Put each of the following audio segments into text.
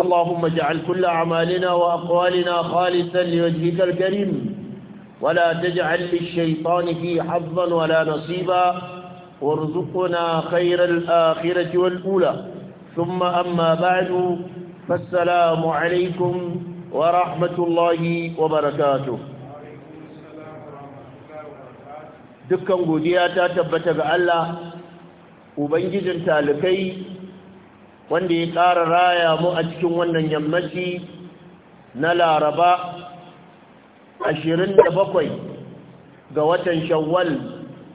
اللهم اجعل كل أعمالنا وأقوالنا خالصا لوجهك الكريم ولا تجعل للشيطان في حظا ولا نصيبا وارزقنا خير الآخرة والأولى ثم أما بعد فالسلام عليكم ورحمة الله وبركاته دكا godiya ta tabbata وبنجد تالكي ubangijin talikai wanda ya ƙara raya mu a cikin wannan yammaci na laraba 27 ga watan shawwal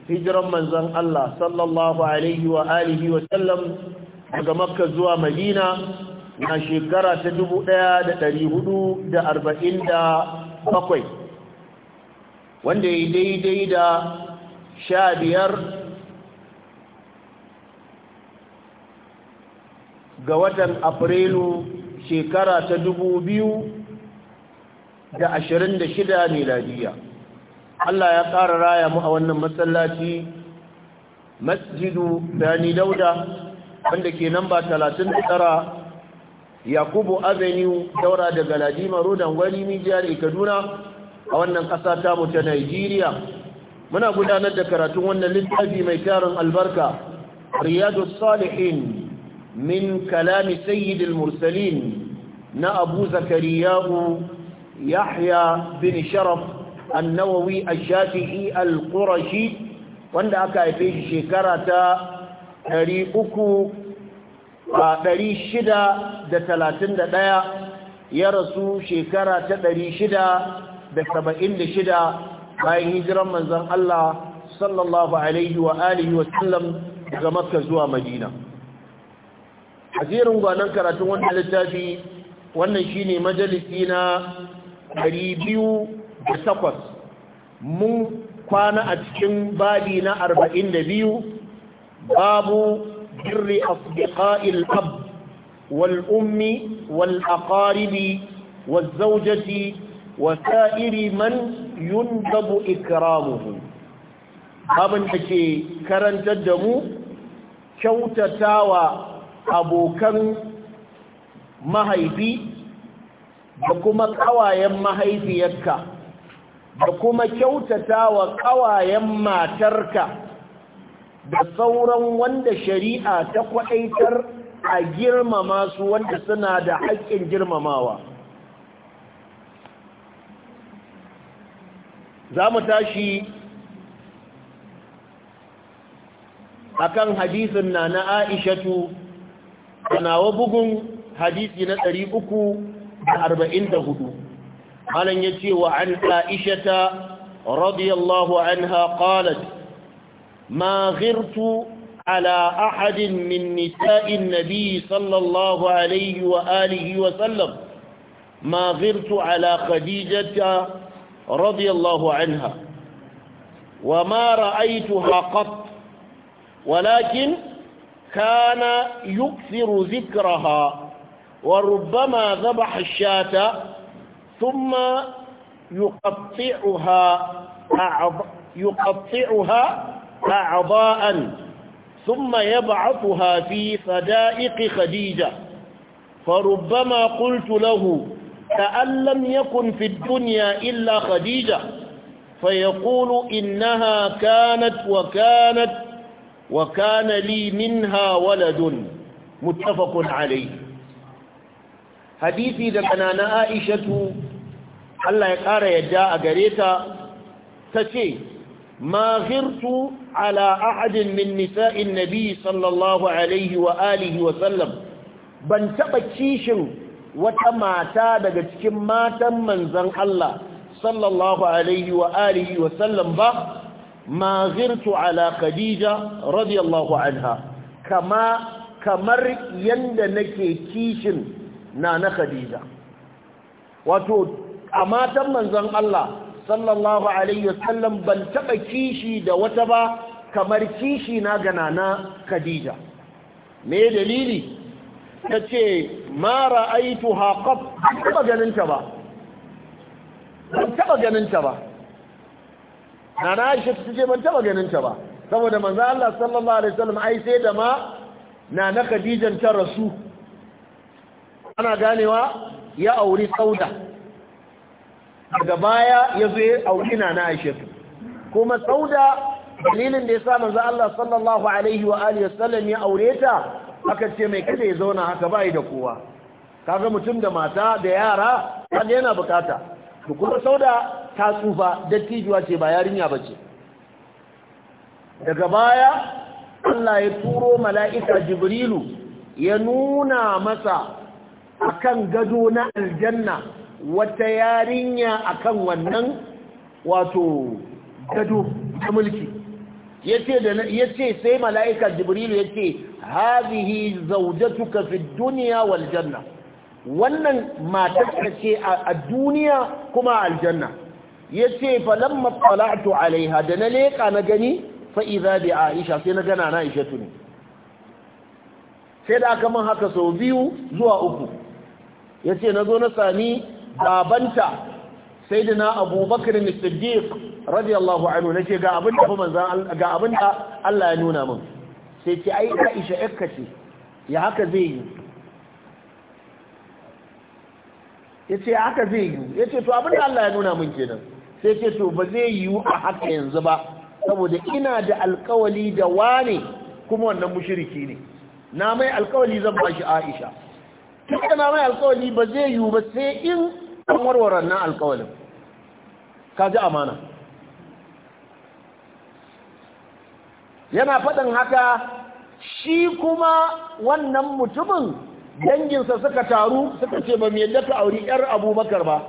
hijiran manzan Allah sallallahu alaihi wa alihi wa sallam daga makka zuwa madina na shekara ta 1447 wanda ya daidai da sha biyar ga watan afrilu shekara ta dubu biyu da ashirin da shida miladiya Allah ya ƙara raya mu a wannan masallaci masjidu dani dauda wanda ke namba talatin da yakubu avenue daura daga ladima rodan gwani mijiyar kaduna a wannan ƙasa ta mutu nigeria muna gudanar da karatun wannan littafi mai tarin albarka riyadu salihin من كلام سيد المرسلين نأبو زكرياه يحيى بن شرف النووي الشافعي القرشي wanda aka haife shi shekara ta 631 ya rasu shekara ta 676 bayan hijiran manzon Allah sallallahu alaihi wa alihi wa sallam daga Makka zuwa Madina a jerin gwanon karatun wannan littafi wannan shine majalisi na 208 mun kwana a cikin babi na 42 babu birri asbiqa'il ab wal ummi wal aqaribi wal zawjati wa sa'iri man yundabu ikramuhu babin da ke karantar da mu kyautatawa abokan mahaifi da kuma ƙawayen mahaifiyarka da kuma kyautata wa ƙawayen matarka da sauran wanda shari'a ta kwaɗaitar a girmama su wanda suna da haƙƙin girmamawa za mu tashi akan hadisin na na aishatu nawa bugun hadisi na 344 malan ya ce wa an aishata radiyallahu anha qalat ma ghirtu ala ahadin min nisa'in nabiy sallallahu alayhi wa wa sallam ma ghirtu ala khadijata radiyallahu anha wama ra'aitu قط walakin. كان يكثر ذكرها وربما ذبح الشاة ثم يقطعها يقطعها أعضاء ثم يبعثها في صدائق خديجة فربما قلت له كأن لم يكن في الدنيا إلا خديجة فيقول إنها كانت وكانت wa kana li minha waladun muttafaqun alayhi hadisi da kanana aishatu Allah ya ƙara yadda a gare ta tace ma ghirtu ala ahadin min nisa'in nabi sallallahu alaihi wa alihi wa sallam ban taba kishin wata mata daga cikin matan manzon Allah sallallahu alaihi wa alihi wa sallam ba ma ala khadija radiyallahu anha kama kamar yanda nake kishin na na khadija wato a matan manzon Allah sallallahu alaihi wasallam ban taba kishi da wata ba kamar kishi na gana na khadija me dalili tace ma ra'aituha qab taba ganinta ba ban ganin ta ba Na nana aisha ta ce ban taba ganin ta ba saboda manzo Allah sallallahu alaihi wasallam ai sai da ma na na khadijan ta rasu ana ganewa ya auri sauda daga baya ya zo ya auri na nana aisha kuma sauda dalilin da yasa manzo Allah sallallahu alaihi wa alihi wasallam ya aure ta aka ce mai kada ya zauna haka bai da kowa kaga mutum da mata da yara kaga yana bukata to kuma sauda ta tsufa dattijuwa ce ba yarinya ba ce daga baya Allah ya turo mala'ika jibrilu ya nuna masa akan gado na aljanna wata yarinya kan wannan wato gado ta mulki Ya ce sai mala'ika jibrilu yace hazihi zaujatuka fi duniya wal janna wannan matarka ce a duniya kuma aljanna yace lamma tala'tu alaiha da na leka na gani fa idza bi aisha sai na gana na aisha tuni sai da aka man haka sau biyu zuwa uku yace nazo na sami babanta sayyidina abubakar as-siddiq radiyallahu anhu nace ga abin da manzon ga abin da Allah ya nuna min sai ce ai aisha yakka ce ya haka zai yi yace haka zai yi yace to abin da Allah ya nuna min kenan sai ce to ba zai yiwu a haka yanzu ba saboda ina da alkawali da wane kuma wannan mushiriki ne na mai alkawali zan ba shi aisha tunda na mai alkawali ba zai yiwu ba sai in an warware nan alkawalin ka ji amana yana faɗin haka shi kuma wannan mutumin danginsa suka taru suka ce ba mai yadda ka auri 'yar abubakar ba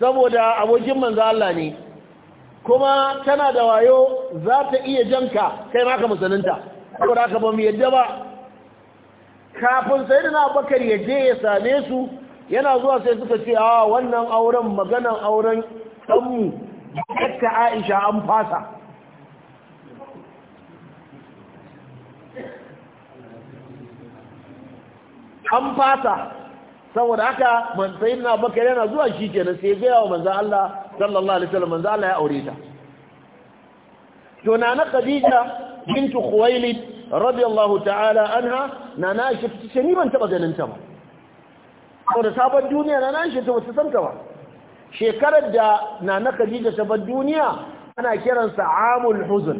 saboda abokin manzo Allah ne kuma tana da wayo za ta iya janka kai ma maka musulunta saboda haka ba mu yadda ba kafin sayyidina Abubakar ya je ya same su yana zuwa sai suka ce a ah, wannan auren maganan auren mu. ta Aisha an fasa an fasa saboda haka man sayyidina abubakar yana zuwa shi kenan sai ga yawa manzo Allah sallallahu alaihi wasallam manzo Allah ya aure ta to nana khadija bintu khuwailid radiyallahu ta'ala anha nana shi shani ban taba ganin ta ba saboda sabon duniya nana shi ta wata san ta ba shekarar da nana khadija ta bar duniya ana kiransa amul huzn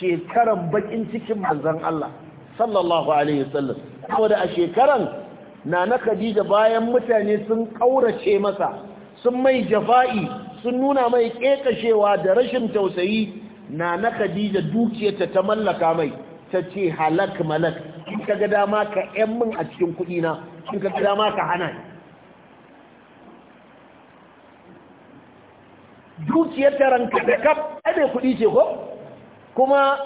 shekaran bakin cikin manzon Allah sallallahu alaihi wasallam saboda a shekaran na na khadija bayan mutane sun ƙaurace masa sun mai jafa'i sun nuna mai kekashewa da rashin tausayi na na khadija dukiyarta ta mallaka mai ta ce halak malak in ka ga dama ka ‘yan min a cikin na in ka ga dama ka hana ni dukiyarta ranka da kaf ɗane kuɗi ce ko kuma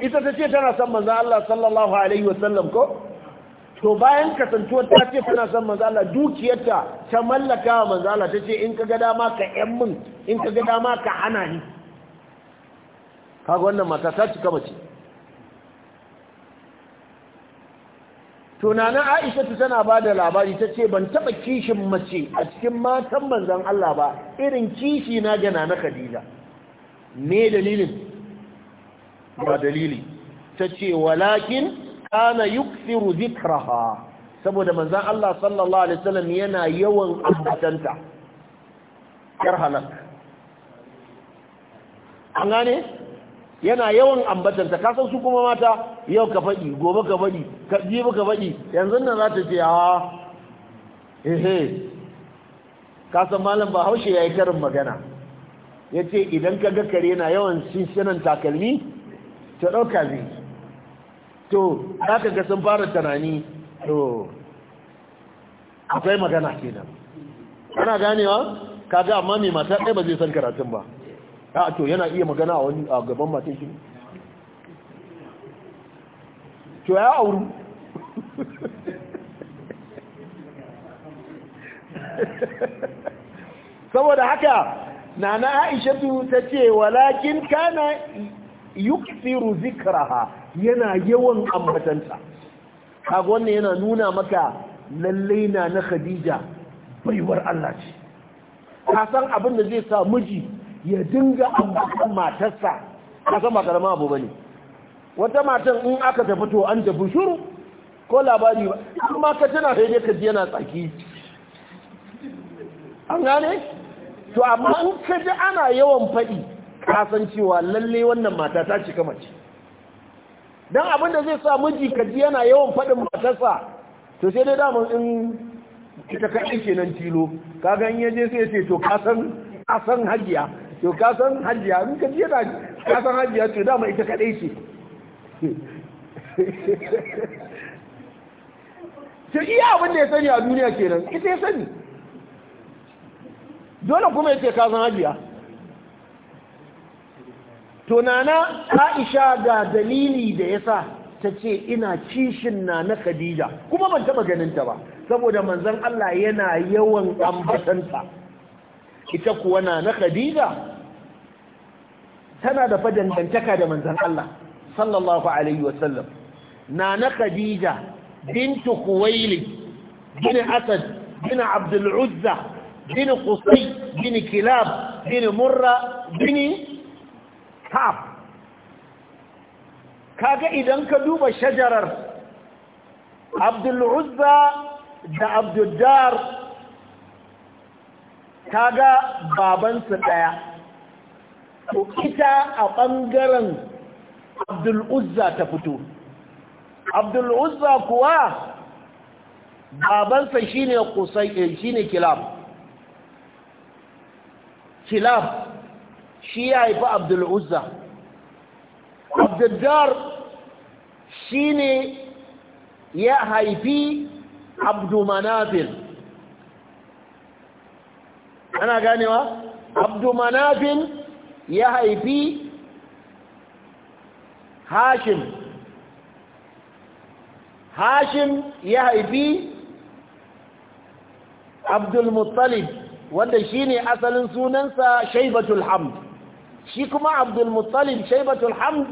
ita ta ce tana son manzo Allah sallallahu Alaihi wasallam ko to bayan kasantuwar ta ce tana son manzala dukiyarta ta mallaka wa manzala ta ce in ka ga dama ka yan min in ka ga dama ka hana ni kaga wannan mata ta kama ce. tunanin aisha ta tana ba da labari ta ce ban taɓa kishin mace a cikin matan manzan Allah ba irin kishi na gana na khadija me dalilin ba dalili ta ce walakin kana yukthiru dhikraha saboda manzon Allah sallallahu alaihi wasallam yana yawan ambatanta kar halak an gane yana yawan ambatanta ka san su kuma mata yau ka faɗi gobe ka faɗi ka jibi ka faɗi yanzu nan za ta ce a ah, ehe ka san malam bahaushe ya yi karin magana ya ce idan ka ga kare na yawan shinshinan takalmi ta ɗauka zai to haka ga sun fara tunani to akwai magana kenan ana ganewa kaga amma mai mata ɗaya ba zai san karatun ba a to yana iya magana a wani gaban matan shi to ya auru saboda haka nana aisha ta ce walakin kana yukthiru zikraha yana yawan ambatanta kaga wannan yana nuna maka lalle na na Khadija baiwar Allah ce ka san abin da zai sa miji ya dinga ambatan matarsa ka san ba karama abu bane wata matan in aka tafi to an tafi shuru ko labari ba amma ka tana sai ka ji yana tsaki an gane to amma in ka ji ana yawan faɗi ka san cewa lalle wannan mata ta cika mace don abin da zai sa miji kaji yana yawan faɗin matarsa to sai dai damar in ita kaɗai ke nan tilo ka gan yaje sai ce to ka san hajiya to ka san hajiya in kaji yana ka san hajiya to dama ita kaɗai ce to iya abin da ya sani a duniya kenan ita ya sani dole kuma ya ce ka san hajiya tunana aisha ga dalili da yasa ta ce ina kishin na na khadija kuma ban taba ganinta ba saboda manzon Allah yana yawan ambatanta ita kuwa na na khadija tana da fadantantaka da manzon Allah sallallahu alaihi wasallam na na khadija bintu khuwailid bin asad bin abdul uzza bin qusay bin kilab bin murra bin tab kaga idan ka duba shajarar abdul da abdul kaga babansu daya to ita a ɓangaren abdul ta fito abdul kuwa babansa shine kusai eh, shine kilab kilab shi ya haifi abdul uzza abduddar shi ne ya haifi abdumanafil ana ganewa abdumanafil ya haifi hashim hashim ya haifi Abdul abdulmuttalib wanda shi ne asalin sunansa shaibatul hamd shi kuma abdulmuttalib shaibatul hamd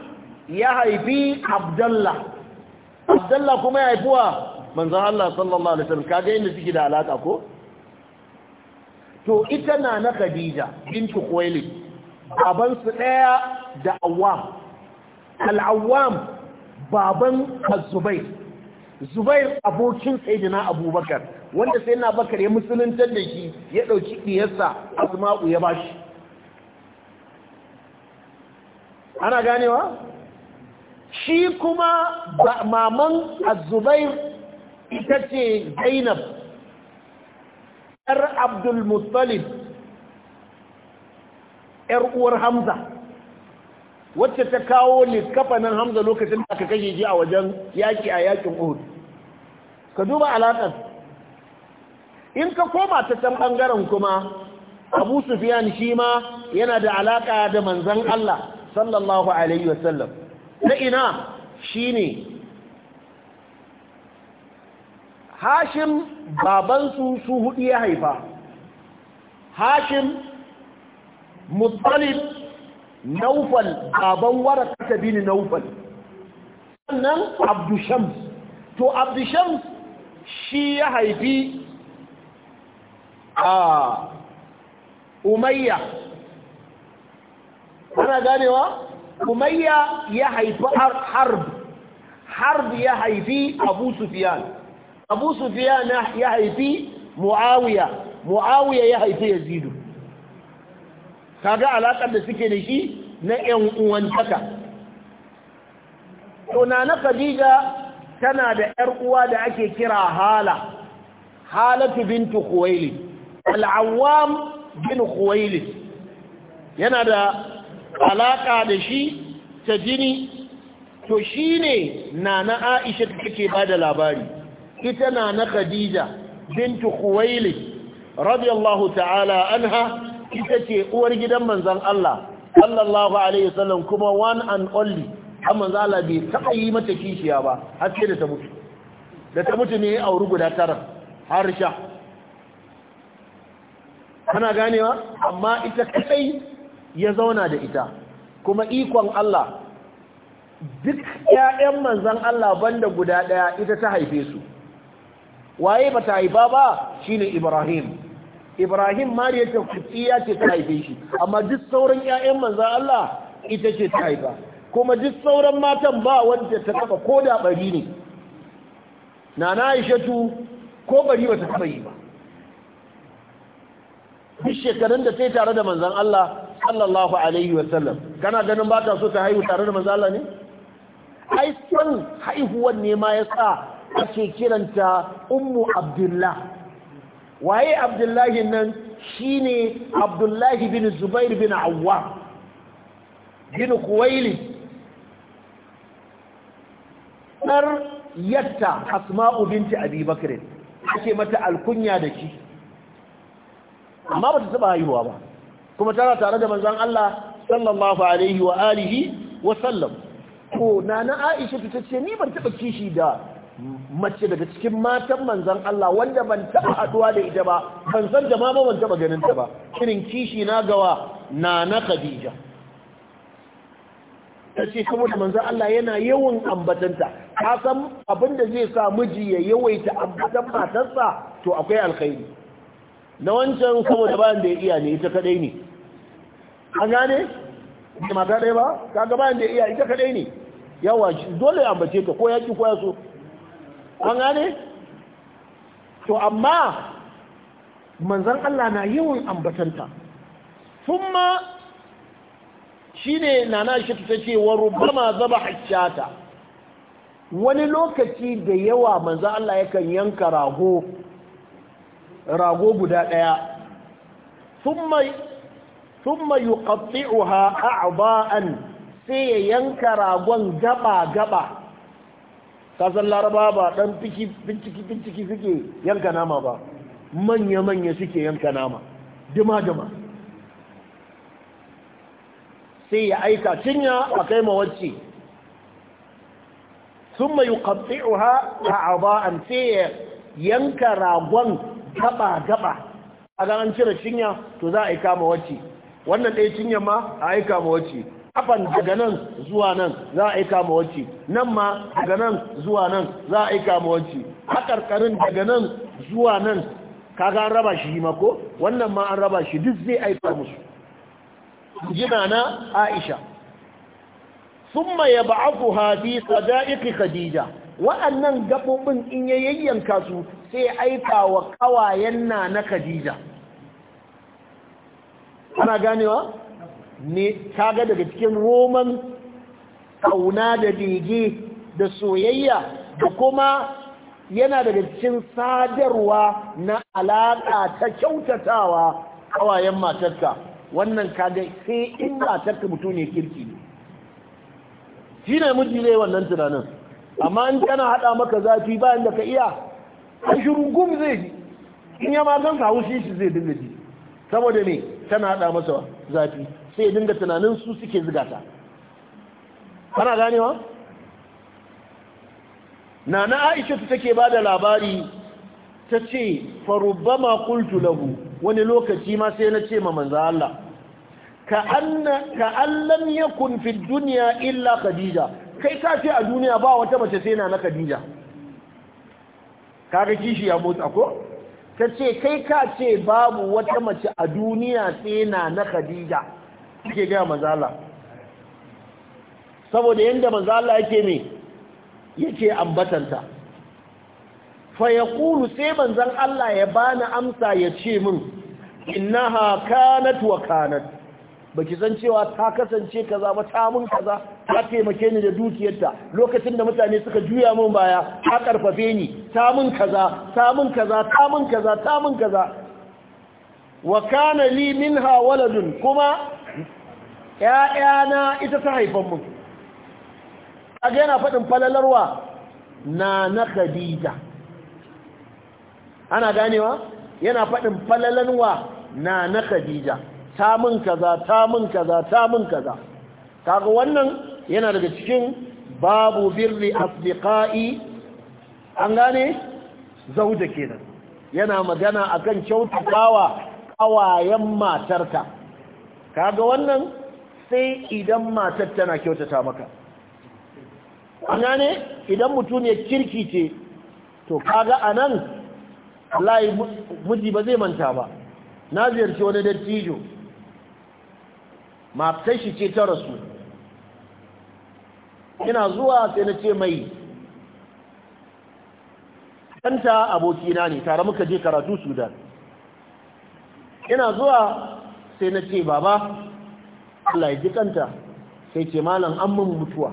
ya haifi abdallah abdallah kuma ya haifuwa manzan Allah sallallahu alaihi wasallam kaga inda suke da alaka ko to ita na na khadija bintu khuwailid baban su ɗaya da Awam. al awam baban az-zubair zubair abokin sayyidina abubakar wanda sayyidina abubakar ya musulun da shi ya ɗauki ɗiyarsa asma'u ya bashi ana ganewa shi kuma maman azubair ita ce zainab yar abdulmuttalib yar uwar hamza wacce ta kawo likafanin hamza lokacin da aka kashe ji a wajen yaƙi a yaƙin uhud ka duba alaƙar in ka koma ta can ɓangaren kuma abu sufiyan shi ma yana da alaƙa da manzan allah sallallahu alaihi wasallam ta ina shine hashim babansu su hudu ya haifa hashim muttalib naufal baban kasa bin naufal sannan abdushams to abdushams shi ya haifi a ah, umayya ana ganewa umayya ya haifi harb harb ya haifi abu sufiyan abu sufiyan ya haifi muawiya muawiya ya haifi yazidu kaga alaƙar da suke da shi na ‘yan uwantaka tuna na khadija tana da ‘yar uwa da ake kira hala halatu bintu kuwaili al'awam bin kuwaili yana da alaƙa da shi ta jini to shi ne na na aisha take ba da labari ita na na khadija bintu kuwaili radiyallahu ta'ala anha ita ce uwar gidan manzan Allah sallallahu alaihi wasallam kuma one and only har manzan bai taɓa yi mata kishiya ba haske da ta mutu da ta mutu ne auri guda tara har sha ana ganewa amma ita kadai ya zauna da ita kuma ikon Allah duk ƴaƴan manzan Allah banda guda ɗaya ita ta haife su waye bata haifa ba shine Ibrahim Ibrahim Mariya ta Qibtiya ce ta haife shi amma duk sauran ƴaƴan manzon Allah ita ce ta haifa kuma duk sauran matan ba wanda ta taba koda bari ne Nana Aishatu ko bari bata taba yi ba duk shekarun da ta yi tare da manzan Allah sallallahu alaihi wasallam kana ganin ba ta so ta haihu tare da manzan Allah ne ai son haihuwan ne ma ya sa ake kiranta ummu abdullah waye abdullahi nan shine abdullahi bin zubair bin awwa bin kuwaili ɗar yatta asma'u binti abi bakirin ake mata alkunya da shi amma ba ta taba haihuwa ba kuma tana tare da manzan Allah sallallahu alaihi wa alihi wa sallam ko nana Aisha ta ce ni ban taba kishi da mace daga cikin matan manzan Allah wanda ban taba haduwa da ita ba ban san da ma ban taba ganin ta ba kirin kishi na gawa nana Khadija ta ce saboda manzan Allah yana yawan ambatanta ka san abin da zai sa miji ya yawaita ambatan matarsa to akwai alkhairi na wancan da bayan da ya iya ne ita kadai ne an gane da mata ɗaya ba kaga bayan da ya iya ita kadai ne yawa dole an ambace ka ko ya ki ko ya so an gane to amma manzan Allah na yawan ambatanta ne na nana shi ta ce wa rubama zaba shata wani lokaci da yawa manzan Allah yakan yanka rago rago guda ɗaya sun mai uha a ba'an sai ya yanka ragon gaba-gaba kasan laraba ba ɗan finciki-finciki suke yanka nama ba manya-manya suke yanka nama dima-dima sai ya aika cinya a kai mawacce sun mai uha a ba'an sai ya yanka ragon gaba gaba a ga cire cinya to za a yi kama wacce wannan ɗaya cinya ma a yi kama wacce kafan daga nan zuwa nan za a yi kama wacce nan ma daga nan zuwa nan za a yi kama wacce ƙarƙarin daga nan zuwa nan kaga an raba shi ma wannan ma an raba shi duk zai aika musu jina na aisha summa ya ba'afu hadi sadaiki khadija wa'annan gabobin in ya yayyanka su sai aika wa ƙawayen na na khadija ana ganewa ne kaga daga cikin roman ƙauna da bege da soyayya da kuma yana daga cikin sadarwa na alaƙa ta kyautatawa kawayen matarka wannan kaga sai in matarka mutu ne kirki ne shi ne miji ne wannan tunanin amma in tana hada maka zafi bayan da ka iya Ashiru gum zai ji in yi magan sa shi shi zai dinga ji saboda me tana hada masa zafi sai ya dinga tunanin su suke zigata ta kana ganewa na na aisha ta take ba da labari ta ce ma kultu lahu wani lokaci ma sai na ce ma manza Allah ka allan yakun fi duniya illa khadija kai ka ce a duniya ba wata mace sai na na Khadija kaga kishi ya motsa ko ta ce kai ka ce babu wata mace a duniya sai na na Khadija kike ga manzala saboda yadda manzala yake me yake ambatanta fa yaqulu sai manzon Allah ya bani amsa ya ce min innaha kanat wa kanat baki san cewa ta kasance kaza ba ta mun kaza ta taimake ni da dukiyarta lokacin da mutane suka juya mun baya ta karfafe ni ta mun kaza ta mun kaza ta mun kaza ta mun kaza wa kana li minha waladun kuma ƴaƴana ita ta haifan mu kaga yana fadin falalarwa na na khadija ana ganewa yana fadin falalanwa na na khadija ta mun kaza ta mun kaza ta mun kaza kaga wannan yana daga cikin babu birri asdiqai an gane zauje kenan yana magana akan kyautatawa kawayen matarka kaga wannan sai idan matar tana kyautata maka an gane idan mutum ya kirki ce to kaga anan Allah miji ba zai manta ba na ziyarci wani dattijo matar shi ce ta rasu ina zuwa sai na ce mai ɗanta abokina ne tare muka je karatu sudan ina zuwa sai na ce baba Allah ya ji kanta sai ce malan an mun mutuwa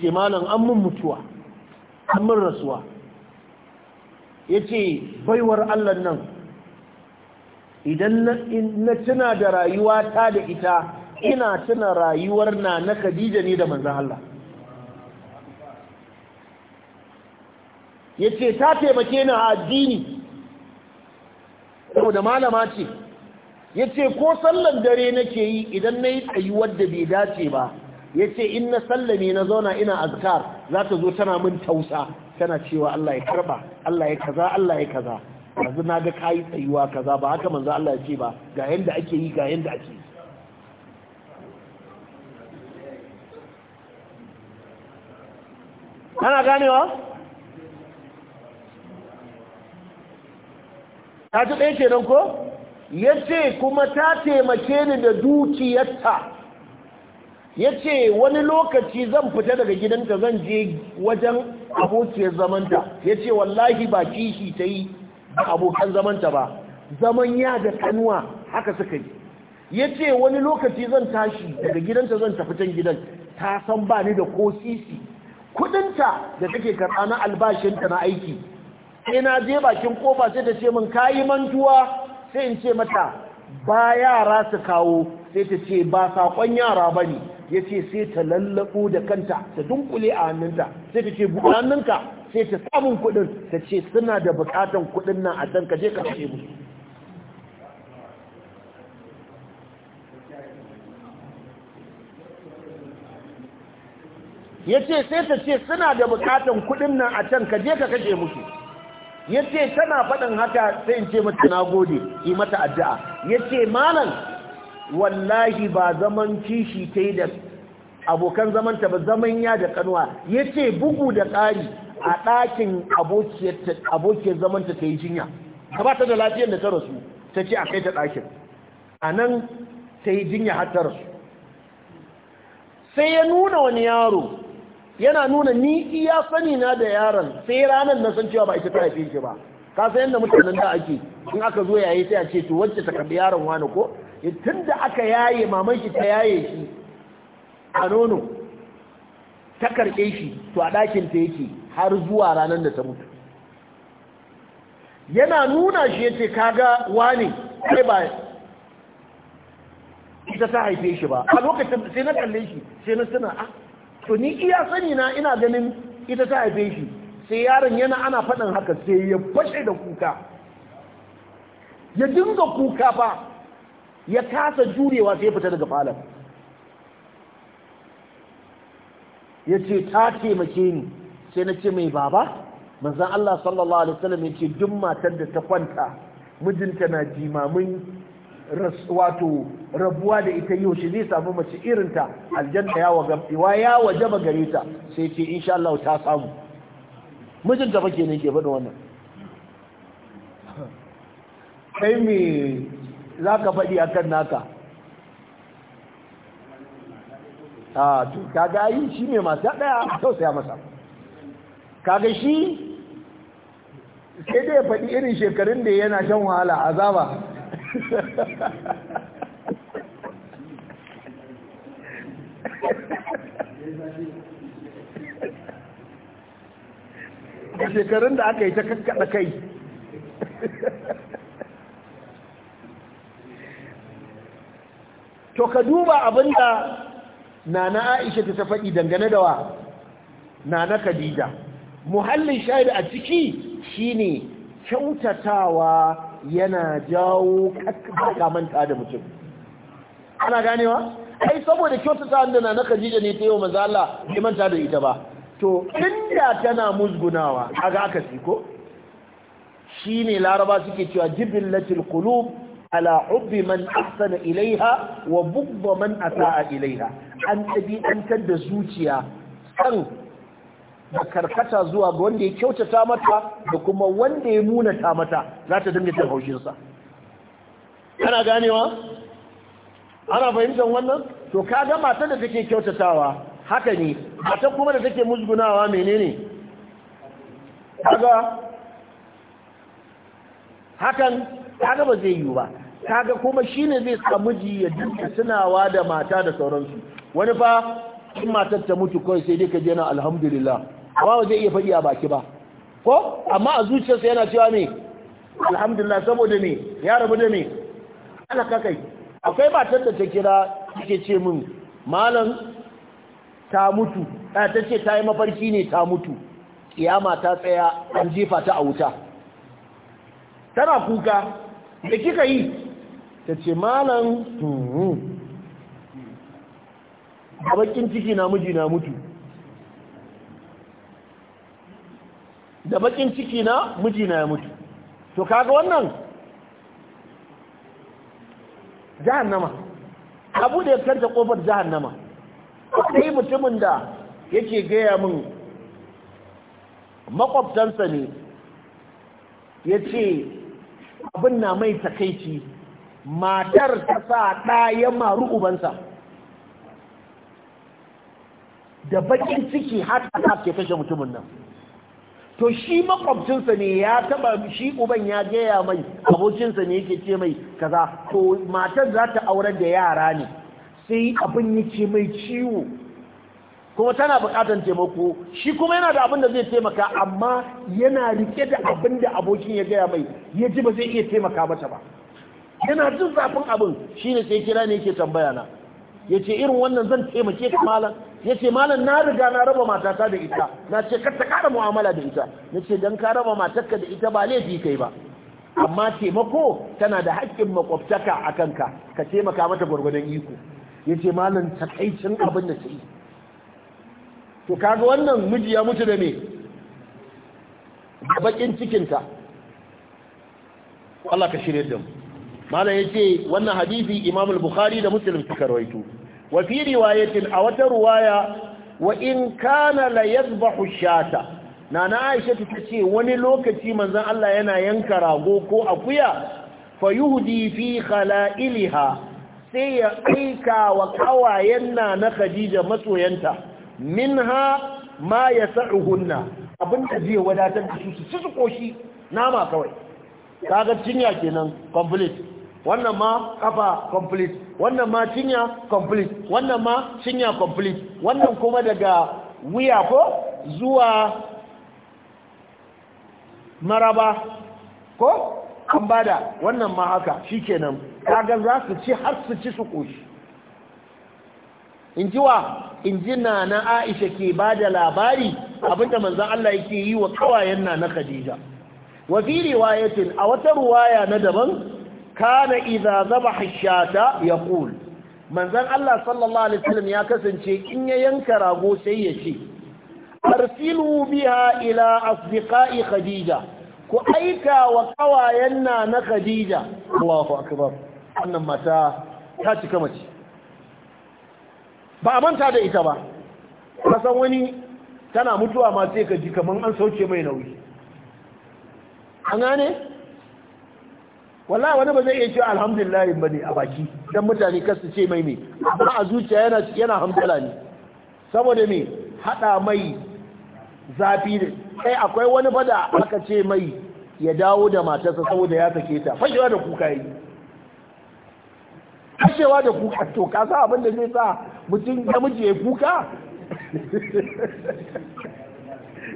ce malam an mun mutuwa an mun rasuwa ya ce baiwar Allah nan idan na tuna da rayuwa ta da ita ina tuna rayuwar na na khadija ne da manzan Allah ya ce ta taimake ni a addini da malama ce ya ce ko sallan dare nake yi idan na yi tsayuwar da bai dace ba ya ce in na sallame na zauna ina azkar za ta zo tana min tausa tana cewa Allah ya karba Allah ya kaza Allah ya kaza yanzu na ga kayi tsayuwa kaza ba haka manzo Allah ya ce ba ga yanda ake yi ga yanda ake yi gane ganewa ta ci ɗaya kenan ko ya ce kuma ta taimake ni da dukiyarta ya ce wani lokaci zan fita daga gidanta zan je wajen abokiyar zamanta ya ce wallahi ba kishi ta yi ba abokan zamanta ba zaman ya da kanuwa haka suka yi ya ce wani lokaci zan tashi daga gidanta zan tafi can gidan ta san ba ni da ko sisi kudinta da take karɓa na albashinta na aiki sai na je bakin kofa sai ta ce min kayi mantuwa sai in ce mata ba yara su kawo sai ta ce ba saƙon yara ba ne ya ce sai ta lallaɓo da kanta ta dunkule a hannunta sai ta ce buɗe hannunka sai ta samun kudin ta ce suna da bukatan kudin nan a can kaje ka kashe musu ya ce sai ta ce suna da bukatan kudin nan a can kaje ka kashe musu ya ce tana fadin haka sai in ce mata na gode yi mata addu'a ya ce malam wallahi ba zaman kishi ta yi da abokan zamanta ba zaman ya da kanuwa ya ce bugu da ƙari a ɗakin abokiyar zamanta ta yi jinya ta ba ta da lafiyar da ta rasu ta ce a kai ta ɗakin a nan ta yi jinya har ta rasu sai ya nuna wani yaro yana nuna ni iya sani na da yaron sai ranar na san cewa ba ita ta haife shi ba ka san yadda mutanen da ake in aka zo yayi sai a ce to wacce ta karbi yaron wani ko tun da aka yaye maman shi ta yaye shi a nono ta karɓe shi to a ɗakin ta yake har zuwa ranar da ta mutu yana nuna shi yace kaga wani kai ba ita ta haife shi ba a lokacin sai na kalle shi sai na suna a ah, to ni iya sani na ina ganin ita ta haife shi sai yaron yana ana faɗin haka sai ya fashe da kuka ya dinga kuka fa ya kasa jurewa sai ya fita daga falon ya ce ta taimake ni sai na ce mai baba manzan Allah sallallahu alaihi wasallam ya duk matar da ta kwanta mijinta na jimamin wato rabuwa da ita yau shi zai samu mace irinta aljanna ya wa ya gareta, gare ta sai ce insha Allah ta samu mijinta ba kenan ke bada wannan kai me za ka faɗi akan naka a ah, to kaga yi shi ne masu ɗaya tausaya masa kaga shi sai dai ya faɗi irin shekarun da yana shan wahala azaba a shekarun da aka yi ta kakkaɗa kai to ka duba abinda na aisha ta faɗi dangane da wa na na Kadija. muhallin shahid a ciki shine kyautatawa yana jawo manta da mutum ana ganewa ai saboda kyautatawa da na Khadija ne ta yi wa mazala manta da ita ba to inda tana musgunawa ga aka siko ne laraba suke cewa latin kulub ala hubbi man ahsana ilaiha wa bugba man a ilaiha an tabi an da zuciya kan da karkata zuwa ga wanda ya kyautata mata da kuma wanda ya munata mata za ta dinga jin haushinsa kana ganewa ana fahimtar wannan to kaga matan da take kyautatawa haka ne matan kuma da take musgunawa menene kaga hakan kaga ba zai yi ba kaga kuma shine zai samu miji ya dinka tunawa da mata da sauransu wani fa in matar ta mutu kawai sai dai ka je na alhamdulillah ba waje iya faɗi a baki ba ko amma a zuciyarsa yana cewa ne alhamdulillah saboda ne ya rabu da ne alaka kai akwai matar da ta kira take ce min malam ta mutu ta ce ta yi mafarki ne ta mutu kiyama ta tsaya an jefa ta a wuta tana kuka da kika yi ta ce malam a hmm, hmm. bakin ciki na miji na mutu da bakin ciki na mijina ya mutu to kaga wannan jahannama abu da ya karta kofar jahannama yi mutumin da yake gaya min makwabtansa ne ya ce abin na mai takaici matar ta sa ɗaya maru ubansa da bakin ciki har ta ke kashe mutumin nan to shi makwabcinsa ne ya taba shi uban ya gaya mai abokinsa ne yake ce mai kaza to matar za ta aurar da yara ne sai abin yake mai ciwo kuma tana bukatar taimako shi kuma yana da abin da zai taimaka amma yana rike da abin da abokin ya gaya mai ya ji ba zai iya taimaka mata ba yana jin zafin abin shine sai kira ne yake tambaya na yace irin wannan zan taimake ka malam ya ce malam na riga na raba matata da ita na ce kar ta kara mu'amala da ita na ce don ka raba matarka da ita ba laifi kai ba amma taimako tana da haƙƙin makwabtaka a kanka ka taimaka mata gwargwadon iko ya ce malam takaicin abin da ta yi to kaga wannan miji ya mutu da me da bakin cikinta Allah ka shirye da mu malam ce wannan hadisi imamul al-Bukhari da Muslim suka rawaito wa fi riwayatin a wata ruwaya wa in kana la yadhbahu shata nana Aisha ta ce wani lokaci manzon Allah yana yanka rago ko akuya fayuhdi fi iliha, sai ya aika wa ƙawayen na Khadija masoyanta minha ma ya yas'uhunna abinda zai wadatar da su su koshi nama kawai kaga cinya kenan complete wannan ma kafa complete wannan ma cinya complete wannan ma cinya complete wannan kuma daga wuya ko zuwa maraba ko an wannan ma haka shikenan kaga za su ci har su ci su koshi in jiwa na na aisha ke ba da labari abinda manzan Allah yake yi wa kawayen na na khadija wa fi riwayatin a wata ruwaya na daban kana idza zabaha shata yaqul Manzan Allah sallallahu alaihi wasallam ya kasance in ya yanka rago sai ya ce arsilu biha ila asdiqai khadija ku aika wa kawayen na na khadija Allahu akbar wannan mata ta cika mace ba a manta da ita ba kasan wani tana mutuwa ma sai ka ji kaman an sauke mai nauyi an gane Wala wani ba zai iya cewa alhamdulillah bane a baki dan mutane kasu ce mai ne amma a zuciya yana yana hamdala ne saboda me hada mai zafi ne kai akwai wani fada aka ce mai ya dawo da matarsa saboda ya sake ta fashewa da kuka yi fashewa da kuka to ka sa abin da zai sa mutum ya miji ya kuka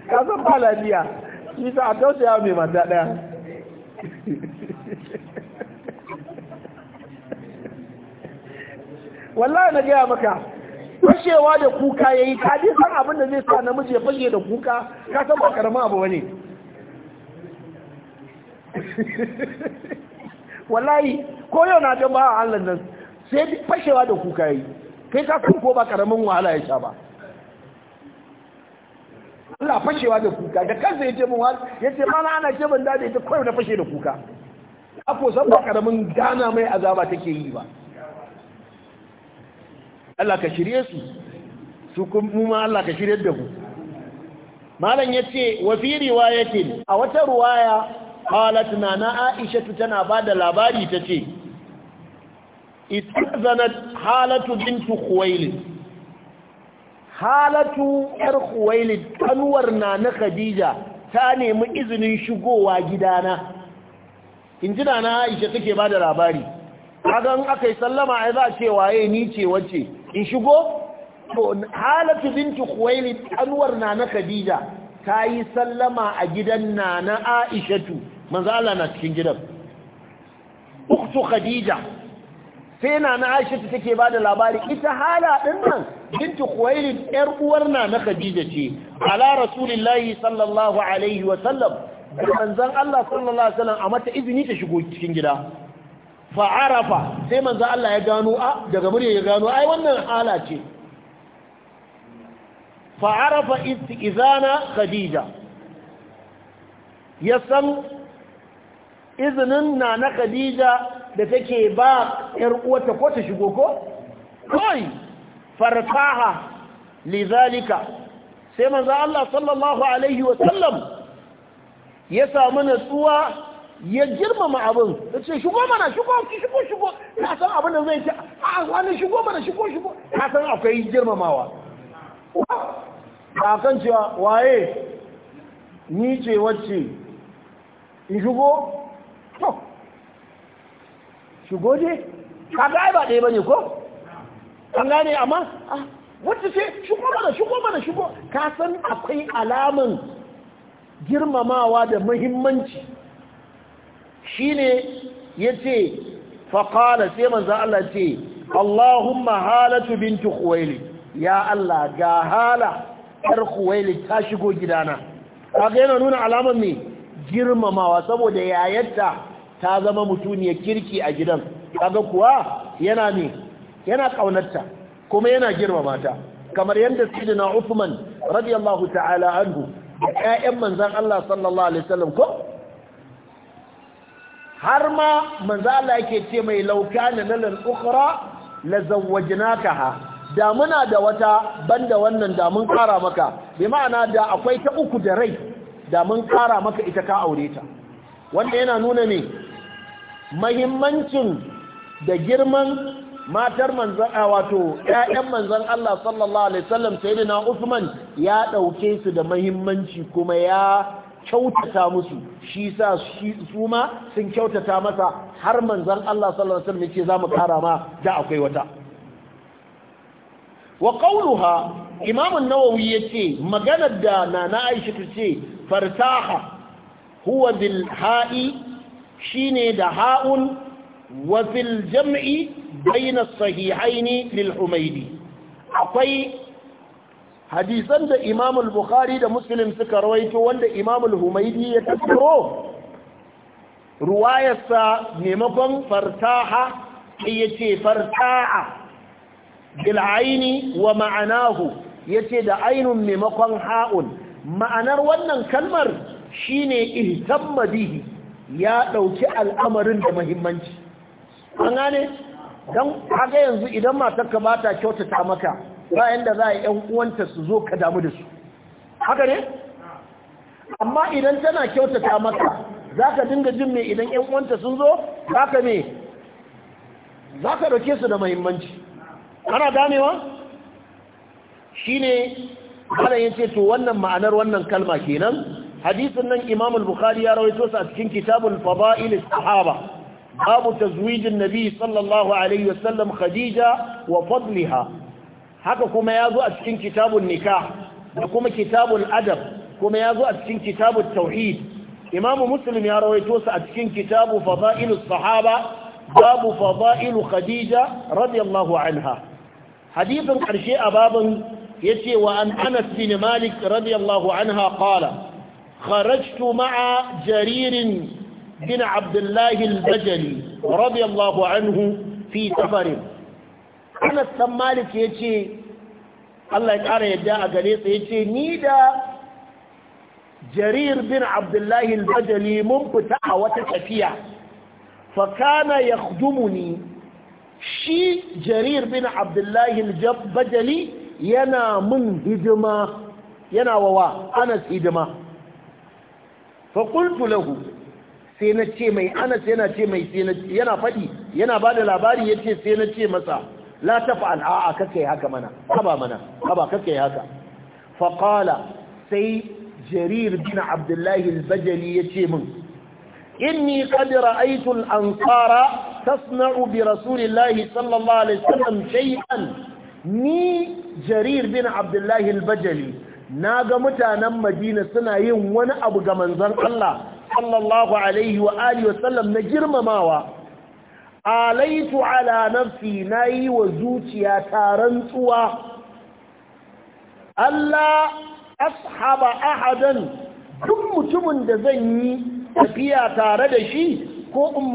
ka san ba lafiya shi sa a tausaya mai mata daya wallahi na gaya maka fashewa da kuka yayi yi ji san abin da zai sa namiji ya fashe da kuka ka san ba karama abu bane wallahi ko yau na ga ba Allah nan sai fashewa da kuka yayi kai ka san ko ba karamin wahala ya sha ba Allah fashewa da kuka da kansa yace mun yace mana ana ce ban da ita kawai na fashe da kuka afo san ba karamin gana mai azaba take yi ba Allah ka shirye su su kuma Allah ka shirye da ku malam yace wa fi ce a wata riwaya qalat nana aisha tana da labari tace istazanat halatu bint khuwailid halatu yar khuwailid kanwar nana khadija ta nemi izinin shigowa gidana jina na aisha take ba da labari kagan aka yi sallama ai za a ce waye ni ce wacce in shigo to halatu binti khuwailid anwar na na khadija ta yi sallama a gidan na na aishatu manzo Allah na cikin gidan ukhtu khadija sai nana na aishatu take ba da labari ita hala din nan binti khuwailid yar uwar na na khadija ce ala rasulillahi sallallahu alaihi wa sallam da manzan Allah sallallahu alaihi wasallam a mata izini ta shigo cikin gida fa arafa sai manzon Allah ya gano a daga murya ya gano ai wannan hala ce fa arafa istizana khadija ya san izinin na na khadija da take ba ‘yar uwata ko ta shigo ko? Koi, Farkaha lizalika, sai manzo Allah sallallahu Alaihi wasallam ya samu natsuwa ya girmama abin da ce shigo mana shigo shigo shigo ka san abin da zai ce a wani shigo mana shigo shigo ka san akwai girmamawa ba kan cewa waye ni ce wacce in shigo to shigo ne ka ga ba ɗaya bane ko an gane amma ah, wacce ce shigo mana shigo mana shigo ka san akwai alamun. girmamawa da muhimmanci shine ce faqala sai manzo Allah ce Allahumma halatu bintu khuwaili ya Allah ga hala yar khuwaili ta shigo gidana kaga yana nuna alamar mai girmamawa saboda yayarta ta zama mutuniyar kirki a gidan kaga kuwa yana ne yana kaunarta kuma yana girmamata kamar yadda sayyidina Uthman radiyallahu ta'ala anhu da ƴaƴan manzan Allah sallallahu alaihi wasallam ko har ma manzo Allah yake ce mai na lal ukhra la zawwajnakaha da muna da wata banda wannan da mun kara maka bi ma'ana da akwai ta uku da rai da mun kara maka ita ka aure ta wanda yana nuna ne mahimmancin da girman matar manzan a wato ƴaƴan manzan Allah sallallahu alaihi wasallam sayyidina Usman ya ɗauke su da muhimmanci kuma ya kyautata musu shi sa su ma sun kyautata masa har manzan Allah sallallahu alaihi wasallam yake zamu kara ma da akwai wata wa qawluha imam an-nawawi yace maganar da nana Aisha tace fartaha huwa bil ha'i shine da ha'un وفي الجمع بين الصحيحين للحميدي أقوي حديثا دا إمام البخاري دا مسلم سكرويت وان دا إمام الحميدي يتذكره رواية نمكم فرتاحة هي فرتاحة bil'aini wa ma'anahu yace da ainun maimakon ha'un ma'anar wannan kalmar shine ihtamma bihi ya dauki al'amarin da muhimmanci an gane don haka yanzu idan matarka ba ta kyautata maka bayan da za a yi uwanta su zo ka damu da su haka ne amma idan tana kyautata maka za ka dinga jin mai idan uwanta sun zo za ka mai za ka dauke su da mahimmanci ana ganewa shi ne kada yin to wannan ma'anar wannan kalma kenan hadisin nan imamul bukhari ya rawaito su a cikin kitabul fada'il sahaba باب تزويج النبي صلى wa عليه وسلم خديجة وفضلها haka kuma ya zo a cikin kitabun nikah da kuma kitabun adab kuma ya zo a cikin kitabun tauhid imamu muslim ya rawaito su a cikin kitabu fadailus sahaba babu fadailu khadija radiyallahu anha hadithin karshe a baban yace wa an anas bin malik radiyallahu anha qala kharajtu ma'a jaririn بن عبد الله البجلي رضي الله عنه في سفر أنا مالك يتي الله يتعالى يدعى قليص يتي نيدا جرير بن عبد الله البجلي منفتع وتتفيع فكان يخدمني شي جرير بن عبد الله البجلي ينا من هدما ينا ووا أنس هدما فقلت له sai na ce mai anas yana ce mai yana faɗi yana ba da labari ya ce sai na ce masa la tafa al'a'a kaka yi haka mana kaba mana kaba kaka yi haka faƙala sai jarir bin abdullahi albajali ya ce min inni qad ra'aytu al-ansara tasna'u bi rasulillahi sallallahu alaihi wasallam shay'an ni jarir bin abdullahi albajali na ga mutanen madina suna yin wani abu ga manzon Allah sallallahu alaihi wa alihi wasallam na girmamawa alaitu ala nafsi nayi wa zuciya taran tsuwa Allah ashaba ahadan duk mutumin da zan yi tafiya tare da shi ko in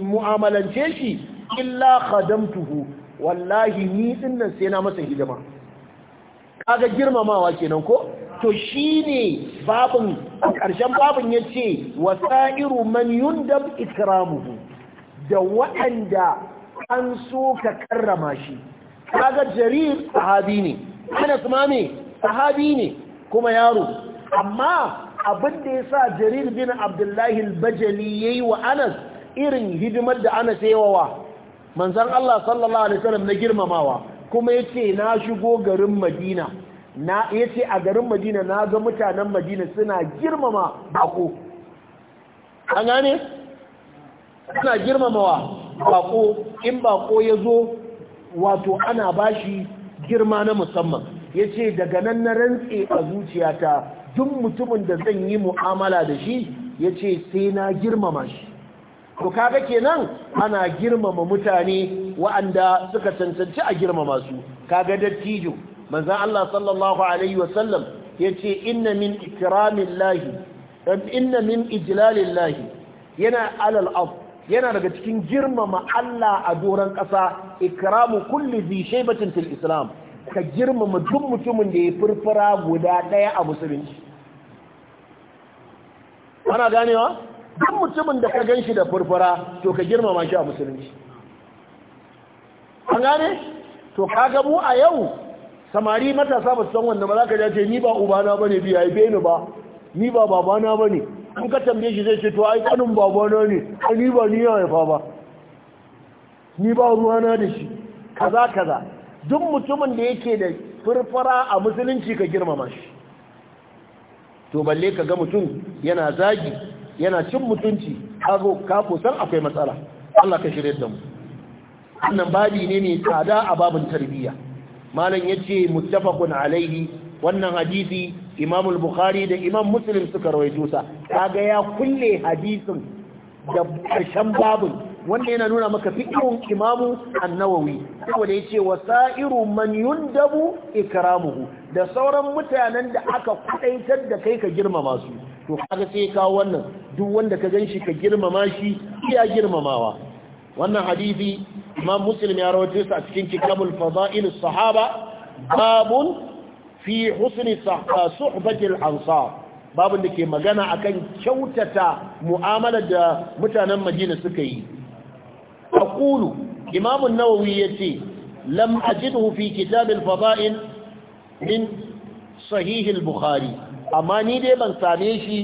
mu'amalance shi illa khadamtuhu wallahi ni dinnan sai na masa hidima kaga girmamawa kenan ko to shine babin ƙarshen babin yace wasairu man dam ikramuhu da waɗanda an so ka karrama shi kaga jarir sahabi ne Anas ma me sahabi ne kuma yaro amma abin da sa jarir bin abdullahi al-bajali yayi wa Anas irin hidimar da Anas yayi wa manzon Allah sallallahu alaihi wasallam na girmamawa kuma yace na shigo garin Madina na yace a garin Madina na ga mutanen Madina suna girmama bako an gane suna girmamawa bako in bako ya zo wato ana bashi girma na musamman yace daga nan na rantse a zuciyata duk mutumin da zan yi mu'amala da shi yace sai na girmama shi to kaga kenan ana girmama mutane wa'anda suka cancanci a girmama su kaga dattijo manzan Allah sallallahu alaihi wasallam ya ce inna min ikiramin lahi inna min ijilalin lahi yana alal af yana daga cikin girmama Allah a doron ƙasa ikramu kulli zi shaibatin fil islam ka girmama duk mutumin da ya furfura guda ɗaya a musulunci ana ganewa duk mutumin da ka gan shi da furfura to ka girmama shi a musulunci an gane to kaga mu a yau samari matasa ba su san wanda ba za ka jace ni ba ubana ba ne biya haife ni ba ni ba babana ba ne in ka tambaye shi zai ce to ai kanin babana ne a ni ba ni ya haifa ba ni ba ruwana da shi kaza kaza duk mutumin da yake da furfara a musulunci ka girmama shi to balle ka ga mutum yana zagi yana cin mutunci ka kusan akwai matsala Allah ka shirye da mu wannan babi ne mai tsada a babun tarbiyya malam yace muttafaqun alaihi wannan hadisi Imam al-Bukhari da Imam Muslim suka rawaito sa kaga ya kulle hadisin da karshen babun wanda yana nuna maka fiqhun Imam An-Nawawi saboda yace wasairu man yundabu ikramuhu da sauran mutanen da aka kudaitar da kai ka girmama su to kaga sai ka wannan duk wanda ka ganshi ka girmama shi iya girmamawa wannan hadisi imam muslim ya rawaito su a cikin kitabul fada'il sahaba babun fi husni suhbatil ansar babun da ke magana akan kyautata mu'amalar da mutanen madina suka yi aqulu imam an-nawawi yace lam ajidhu fi kitab al-fada'il min sahih al-bukhari amma ni dai ban same shi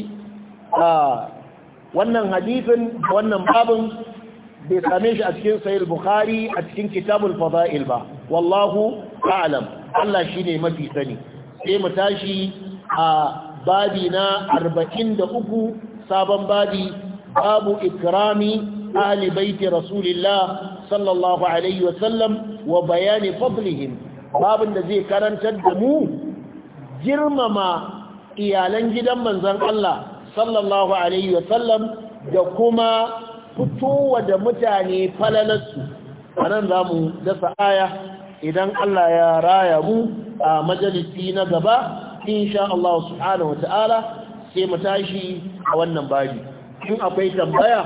wannan hadifin wannan babin bai same shi a cikin sahih bukhari a cikin kitabul fada'il ba wallahu a'lam Allah shine mafi sani sai mu tashi a babi na uku sabon babi babu ikrami ahli baiti rasulillah sallallahu alaihi wasallam wa bayani fadlihim babin da zai karantar da mu girmama iyalan gidan manzon Allah sallallahu alaihi wasallam da kuma fitowa da mutane falalarsu a nan za mu dasa aya idan Allah ya raya mu a majalisi na gaba insha Allah subhanahu wa ta'ala sai mu tashi a wannan baji in akwai tambaya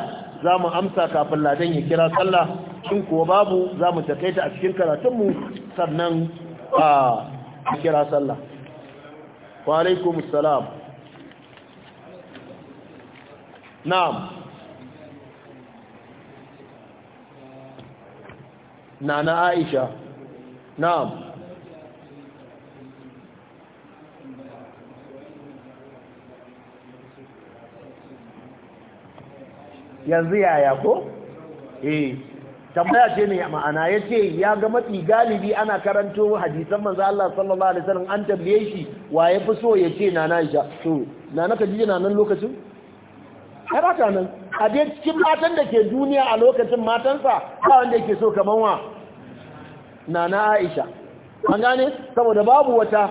za mu amsa kafin ladan ya kira sallah in kuwa babu za mu takaita a cikin karatunmu sannan a kira sallah wa alaikumussalam na'am nana aisha na'am yanzu yaya ko eh tambaya ce ne ma'ana ya ce ya ga mafi galibi ana karanto hadisan manzo Allah sallallahu alaihi wasallam an tabbaye shi wa ya fi so ya ce na nana Aisha to ka Khadija na nan lokacin karata nan a dai cikin matan da ke duniya a lokacin matansa ba wanda yake so kaman wa nana aisha an gane saboda babu wata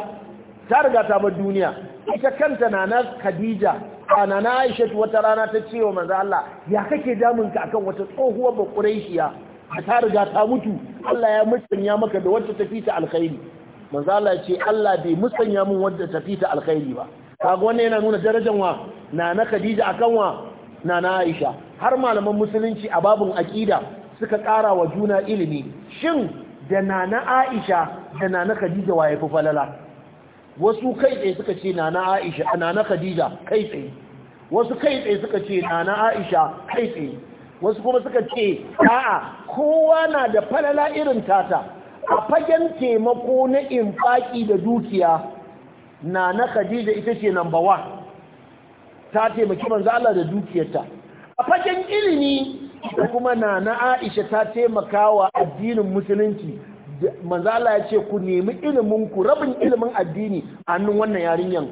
ta riga ta bar duniya ita kanta nana khadija a nana aisha wata rana ta ce wa manzo Allah ya kake damun ka akan wata tsohuwar bakuraishiya ta riga ta mutu Allah ya musanya maka da wacce tafi ta alkhairi manzo Allah ya ce Allah bai musanya min wacce tafi ta alkhairi ba kaga wannan yana nuna darajar wa na na khadija akan wa na na aisha har malaman musulunci a babun aqida suka ƙara wa juna ilimi shin da na na aisha da na na khadija waye fi falala wasu kai tsaye suka ce na na aisha na na khadija kai tsaye wasu kai tsaye suka ce na na aisha kai tsaye wasu kuma suka ce a'a kowa na da falala irin tata a fagen taimako na infaki da dukiya na na khadija ita ce number one ta taimaki manzo Allah da dukiyarta a fagen ilimi da kuma na na aisha ta taimaka wa addinin musulunci manzo Allah ya ce ku nemi ilimin ku rabin ilimin addini a hannun wannan yarinyan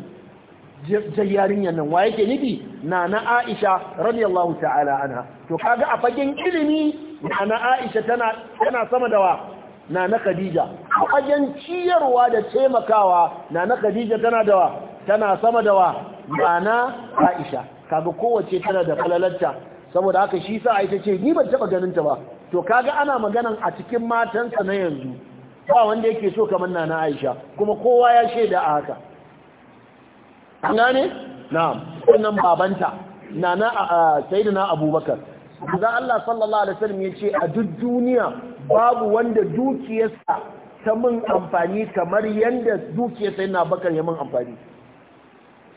jan yarinyan nan wa yake nufi na na aisha radiyallahu ta'ala anha to kaga a fagen ilimi na na aisha tana tana sama da wa na na khadija wajen ciyarwa da taimakawa na na khadija tana da wa tana sama da wa aisha kaga kowace tana da falalarta saboda haka shi sa aisha ce ni ban taba ganin ta ba to kaga ana maganan a cikin matansa na yanzu ba wanda yake so kamar nana na aisha kuma kowa ya shaida a haka an ne? na'am wannan babanta na na sayyidina abubakar da Allah sallallahu alaihi wasallam yace a duk duniya babu wanda dukiyarsa ta min amfani kamar yadda dukiyarsa yana bakar ya amfani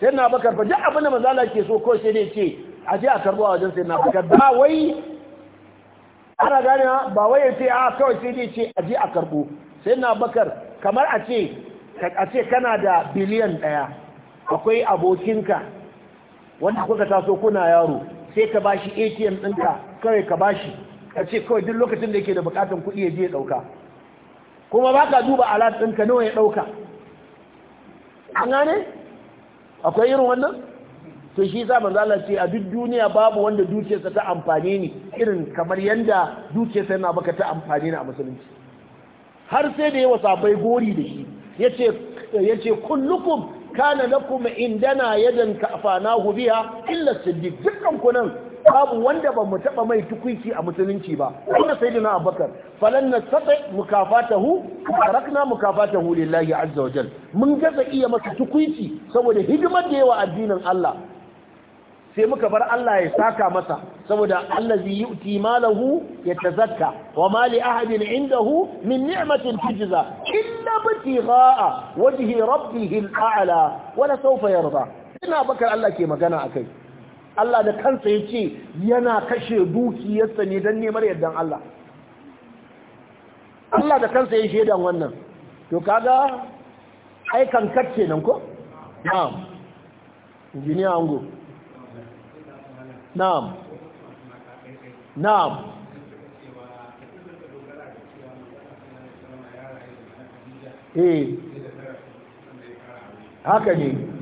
sai na bakar fa duk abin da mazala ke so ko sai dai ce a je a karɓo wajen sai na bakar ba wai ana gane ba wai ya ce a kawai sai dai ce a je a karɓo sai na bakar kamar a ce a ce kana da biliyan ɗaya akwai abokinka wanda kuka taso kuna yaro sai ka bashi atm ɗinka kawai ka bashi ka ce kawai duk lokacin da yake da bukatun kuɗi ya je ya ɗauka kuma ba ka duba alat ɗinka nawa ya ɗauka an gane akwai irin wannan to shi sa manzo Allah ce a duk duniya babu wanda dukiyarsa ta amfane ni irin kamar yanda dukiyarsa na baka ta amfane ni a musulunci har sai da yawa sabai gori da shi yace yace kullukum kana lakum indana yadan kafanahu biha illa siddiq dukkan ku nan babu wanda ba mu taɓa mai tukuici a musulunci ba kuma sayyidina abubakar falan nastata mukafatahu tarakna mukafatahu lillahi azza wa jal mun gaza iya masa tukuici saboda hidimar da yawa addinin Allah sai muka bar Allah ya saka masa saboda allazi yu'ti malahu yatazakka wa ma li ahadin indahu min ni'matin tujza illa bitigha'a wajhi rabbih al'ala wala sawfa yarda ina bakar Allah ke magana akai Allah da kansa ya ce yana kashe dukiyarsa ne don nemar yardan Allah Allah da kansa ya shaidan wannan to kaga aikan kacce nan ko? na'am injiniya ango na'am na'am eh haka ne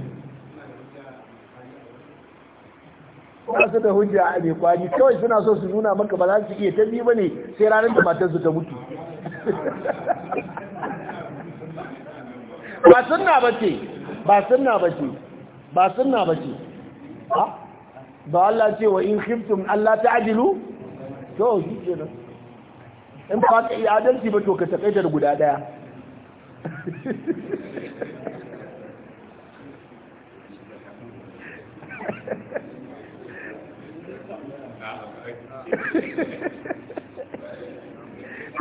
ba da hujja a mai kwani, kawai suna so su nuna maka ba za su iya tabi ba ne sai ranar da matarsu ta mutu ba sunna bace ba sunna bace ba suna bace ha ba Allah ce wa in khiftum Allah ajilu to shikenan in ba ka iya adalci ba to ka takaitar guda daya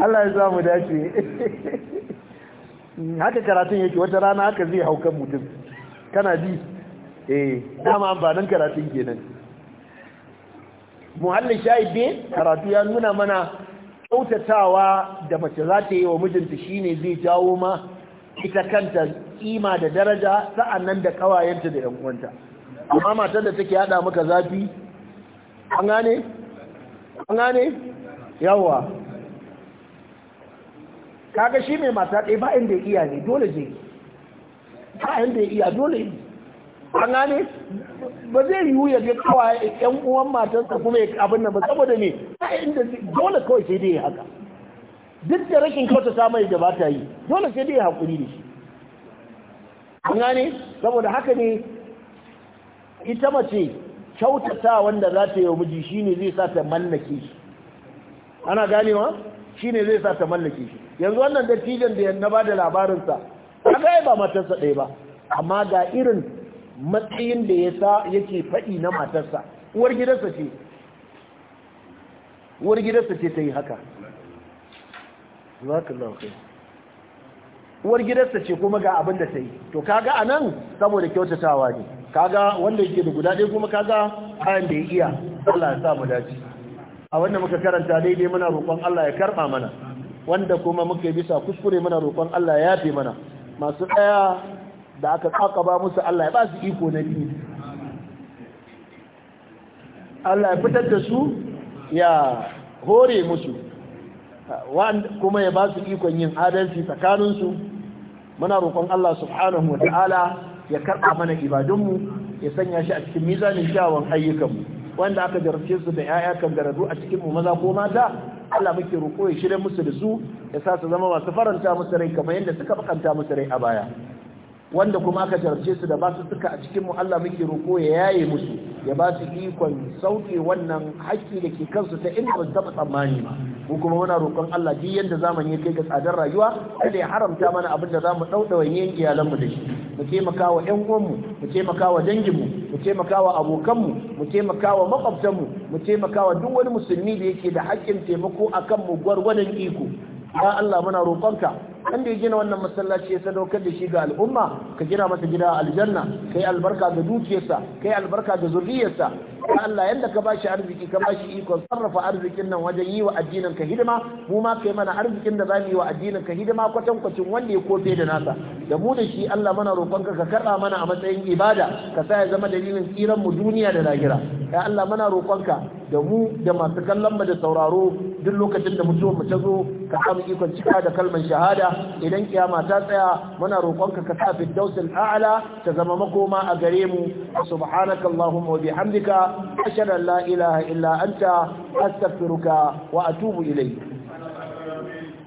Allah ya za mu dace haka karatun yake wata rana haka zai hau kan mutum kana ji eh dama amfanin karatun kenan muhallin shahid dai karatu ya nuna mana kyautatawa da mace za ta yi wa mijinta shine zai jawo ma ita kanta kima da daraja sa'annan da kawayenta da yan uwanta amma matar da take hada maka zafi an gane an gane kaga shi mai mata ɗai ba inda iya ne dole yi ba inda iya dole yi an gane ba zai yiwu ya ga kawa yan uwan matarsa kuma ya abin nan ba saboda ne ba inda dole kawai sai dai haka duk da rashin kyauta ta mai da ba ta yi dole sai dai haƙuri da shi an gane saboda haka ne ita mace kyautata wanda za ta yi wa miji shine zai sa ta mallake shi ana ganewa shine zai sa ta mallake shi yanzu wannan dattijan da na da labarinsa gaya ba matarsa ɗaya ba amma ga irin matsayin da ya sa yake faɗi na matarsa uwar gidansa ce uwar ta yi haka kai uwar gidansa ce kuma ga abin da ta yi to kaga a nan saboda kyautatawa ne kaga wanda yake da guda ɗaya kuma kaga kayan da ya iya Allah ya sa mu dace a wanda muka karanta daidai muna roƙon Allah ya karɓa mana wanda kuma muka yi bisa kuskure muna roƙon Allah ya yafe mana masu ɗaya da aka ba musu Allah ya ba su iko na biyu Allah ya fitar da su ya hore musu kuma ya ba su ikon yin adalci tsakaninsu muna roƙon Allah subhanahu wa ta'ala ya karɓa mana ibadunmu ya sanya shi a cikin mizanin kyawun ayyukanmu wanda aka jarabce su da 'ya'ya kan garadu a cikin mu maza ko mata Allah muke roƙo ya shirya musu da su ya sa su zama masu faranta musu rai kamar yadda suka bakanta musu rai a baya wanda kuma aka jarce su da ba su suka a cikinmu Allah muke roko ya yaye musu ya ba su ikon sauke wannan haƙƙi da ke kansu ta inda ba taɓa tsammani ba Ko kuma muna roƙon Allah duk yanda zamani ya kai ga tsadar rayuwa kada ya haramta mana abin da zamu ɗauɗawa yin mu da shi mu taimaka wa ƴan uwanmu mu taimaka wa danginmu mu taimaka wa abokanmu mu taimaka wa maƙwabtanmu mu taimaka wa duk wani musulmi da yake da haƙƙin taimako akan mu gwargwadon iko ya Allah muna roƙonka wanda ya gina wannan masallaci ya sadaukar da shi ga al'umma ka gina masa gida aljanna kai albarka ga dukiyarsa kai albarka ga zuriyarsa ya Allah yanda ka bashi arziki ka bashi ikon sarrafa arzikin nan wajen yi wa addinin ka hidima mu ma kai mana arzikin da zamu yi wa addinin ka hidima kwatan kwacin wanda ya kofe da nasa da mu da shi Allah mana roƙonka ka karɓa mana a matsayin ibada ka sa ya zama dalilin tsiran mu duniya da lahira ya Allah mana roƙonka da mu da masu kallon mu da sauraro duk lokacin da mutuwar mu ta zo ka samu ikon cika da kalmar shahada idan kiyama ta tsaya muna roƙonka ka sa aa'la ta zama makoma a gare mu subhanaka allahumma wa bihamdika ashhadu an la ilaha illa anta astaghfiruka wa atubu ilayk